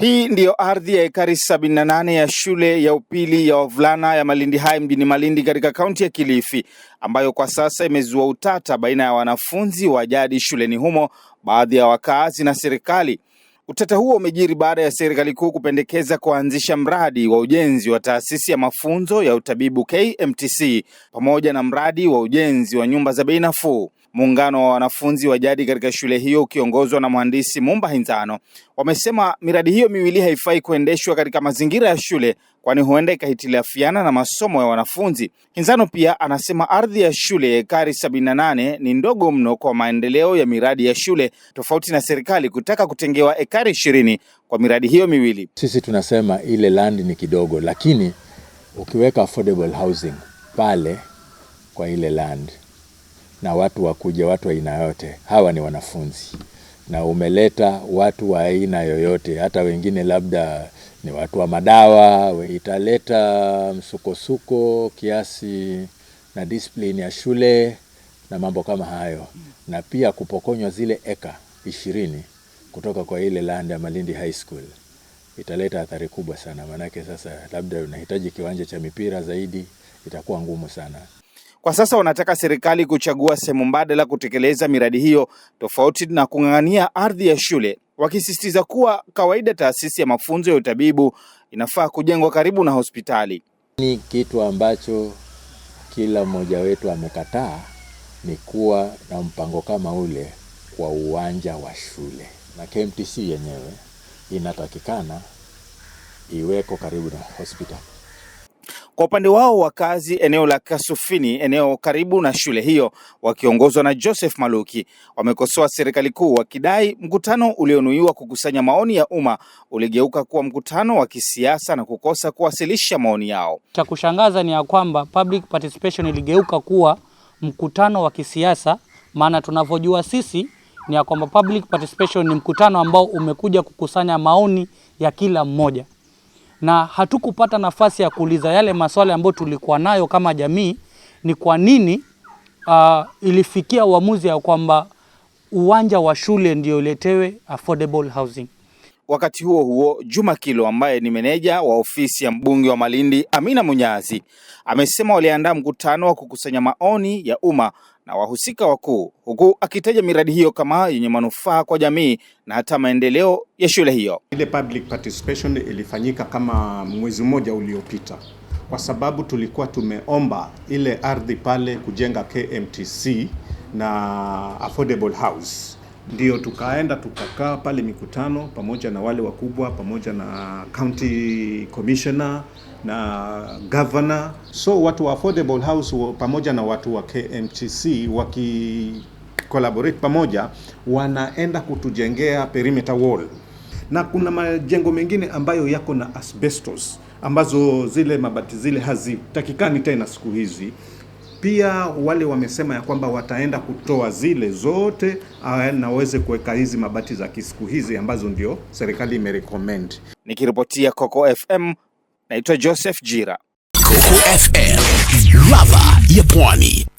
Hii ndiyo ardhi ya ekari 78 ya shule ya upili ya wavulana ya Malindi High mjini Malindi katika kaunti ya Kilifi ambayo kwa sasa imezua utata baina ya wanafunzi wa jadi shuleni humo, baadhi ya wakaazi na serikali. Utata huo umejiri baada ya serikali kuu kupendekeza kuanzisha mradi wa ujenzi wa taasisi ya mafunzo ya utabibu KMTC pamoja na mradi wa ujenzi wa nyumba za bei nafuu. Muungano wa wanafunzi wa jadi katika shule hiyo ukiongozwa na mhandisi Mumba Hinzano wamesema miradi hiyo miwili haifai kuendeshwa katika mazingira ya shule, kwani huenda ikahitilafiana na masomo ya wanafunzi. Hinzano pia anasema ardhi ya shule ya ekari nane ni ndogo mno kwa maendeleo ya miradi ya shule, tofauti na serikali kutaka kutengewa ekari hektari ishirini kwa miradi hiyo miwili. Sisi tunasema ile land ni kidogo, lakini ukiweka affordable housing pale kwa ile land na watu wakuja, watu wa aina yote, hawa ni wanafunzi na umeleta watu wa aina yoyote, hata wengine labda ni watu wa madawa, italeta msukosuko kiasi na discipline ya shule na mambo kama hayo, na pia kupokonywa zile eka ishirini kutoka kwa ile land ya Malindi High School italeta athari kubwa sana, maanake sasa labda unahitaji kiwanja cha mipira zaidi, itakuwa ngumu sana. Kwa sasa wanataka serikali kuchagua sehemu mbadala kutekeleza miradi hiyo tofauti na kung'ang'ania ardhi ya shule, wakisisitiza kuwa kawaida taasisi ya mafunzo ya utabibu inafaa kujengwa karibu na hospitali. Ni kitu ambacho kila mmoja wetu amekataa ni kuwa na mpango kama ule kwa uwanja wa shule na KMTC yenyewe inatakikana iweko karibu na hospitali. Kwa upande wao wakazi eneo la Kasufini, eneo karibu na shule hiyo, wakiongozwa na Joseph Maluki, wamekosoa serikali kuu wakidai mkutano ulionuiwa kukusanya maoni ya umma uligeuka kuwa mkutano wa kisiasa na kukosa kuwasilisha maoni yao. Cha kushangaza ni ya kwamba public participation iligeuka kuwa mkutano wa kisiasa, maana tunavyojua sisi ni ya kwamba public participation ni mkutano ambao umekuja kukusanya maoni ya kila mmoja, na hatukupata nafasi ya kuuliza yale maswali ambayo tulikuwa nayo kama jamii. Ni kwa nini uh, ilifikia uamuzi ya kwamba uwanja wa shule ndio uletewe affordable housing? Wakati huo huo, Juma Kilo ambaye ni meneja wa ofisi ya mbunge wa Malindi Amina Munyazi amesema waliandaa mkutano wa kukusanya maoni ya umma na wahusika wakuu, huku akitaja miradi hiyo kama yenye manufaa kwa jamii na hata maendeleo ya shule hiyo. Ile public participation ilifanyika kama mwezi mmoja uliopita, kwa sababu tulikuwa tumeomba ile ardhi pale kujenga KMTC na affordable house ndio tukaenda tukakaa pale mikutano pamoja na wale wakubwa pamoja na county commissioner na governor, so watu wa affordable house pamoja na watu wa KMTC waki collaborate pamoja, wanaenda kutujengea perimeter wall, na kuna majengo mengine ambayo yako na asbestos ambazo zile mabati zile hazitakikani tena siku hizi. Pia wale wamesema ya kwamba wataenda kutoa zile zote ah, na waweze kuweka hizi mabati za kisiku hizi ambazo ndio serikali imerecommend. Nikiripotia Coco FM, naitwa Joseph Jira, Coco FM, ladha ya Pwani.